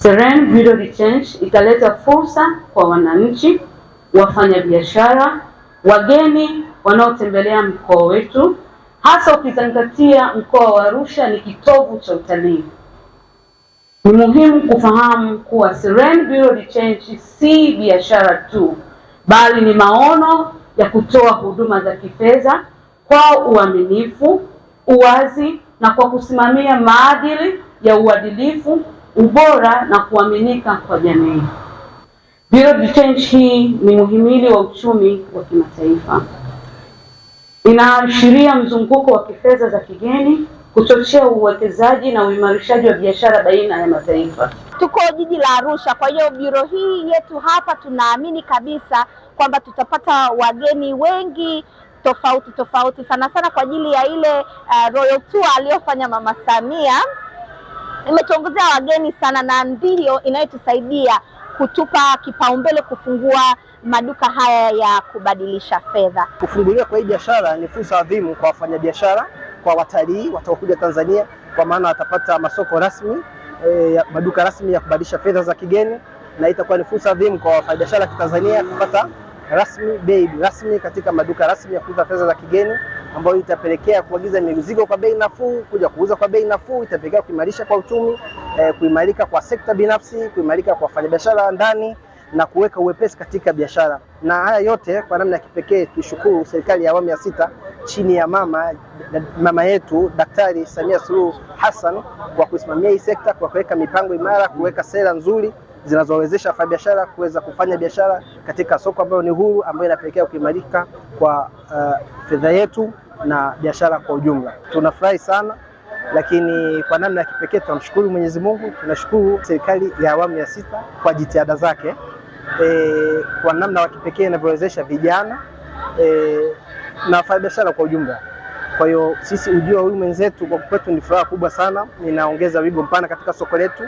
Serene Bureau Change italeta fursa kwa wananchi, wafanyabiashara, wageni wanaotembelea mkoa wetu, hasa ukizingatia mkoa wa Arusha ni kitovu cha utalii. Ni muhimu kufahamu kuwa Serene Bureau Change si biashara tu, bali ni maono ya kutoa huduma za kifedha kwa uaminifu, uwazi na kwa kusimamia maadili ya uadilifu ubora na kuaminika kwa jamii. Bila Change hii ni muhimili wa uchumi wa kimataifa, inaashiria mzunguko wa kifedha za kigeni, kuchochea uwekezaji na uimarishaji wa biashara baina ya mataifa. Tuko jiji la Arusha, kwa hiyo biro hii yetu hapa tunaamini kabisa kwamba tutapata wageni wengi tofauti tofauti, sana sana kwa ajili ya ile uh, royal tour aliyofanya Mama Samia imetuongozea wageni sana, na ndio inayotusaidia kutupa kipaumbele kufungua maduka haya ya kubadilisha fedha. Kufunguliwa kwa hii biashara ni fursa adhimu kwa wafanyabiashara, kwa watalii wataokuja Tanzania, kwa maana watapata masoko rasmi e, maduka rasmi ya kubadilisha fedha za kigeni, na itakuwa ni fursa adhimu kwa wafanyabiashara wa Kitanzania kupata rasmi bei rasmi katika maduka rasmi ya kuuza fedha za kigeni ambayo itapelekea kuagiza mizigo kwa bei nafuu, kuja kuuza kwa bei nafuu, itapelekea kuimarisha kwa uchumi eh, kuimarika kwa sekta binafsi, kuimarika kwa wafanyabiashara ndani na kuweka uwepesi katika biashara. Na haya yote kwa namna ya kipekee tuishukuru serikali ya awamu ya sita chini ya mama mama yetu Daktari Samia Suluhu Hassan kwa kusimamia hii sekta, kwa kuweka mipango imara, kuweka sera nzuri zinazowezesha wafanyabiashara kuweza kufanya biashara katika soko ambayo ni huru, ambayo inapelekea kuimarika kwa uh, fedha yetu na biashara kwa ujumla. Tunafurahi sana lakini kwa namna ya kipekee tunamshukuru Mwenyezi Mungu, tunashukuru serikali ya awamu ya sita kwa jitihada zake e, kwa namna ya kipekee inavyowezesha vijana e, na wafanyabiashara kwa ujumla. Kwa hiyo sisi ujio wa huyu mwenzetu kwa kwetu ni furaha kubwa sana, ninaongeza wigo mpana katika soko letu.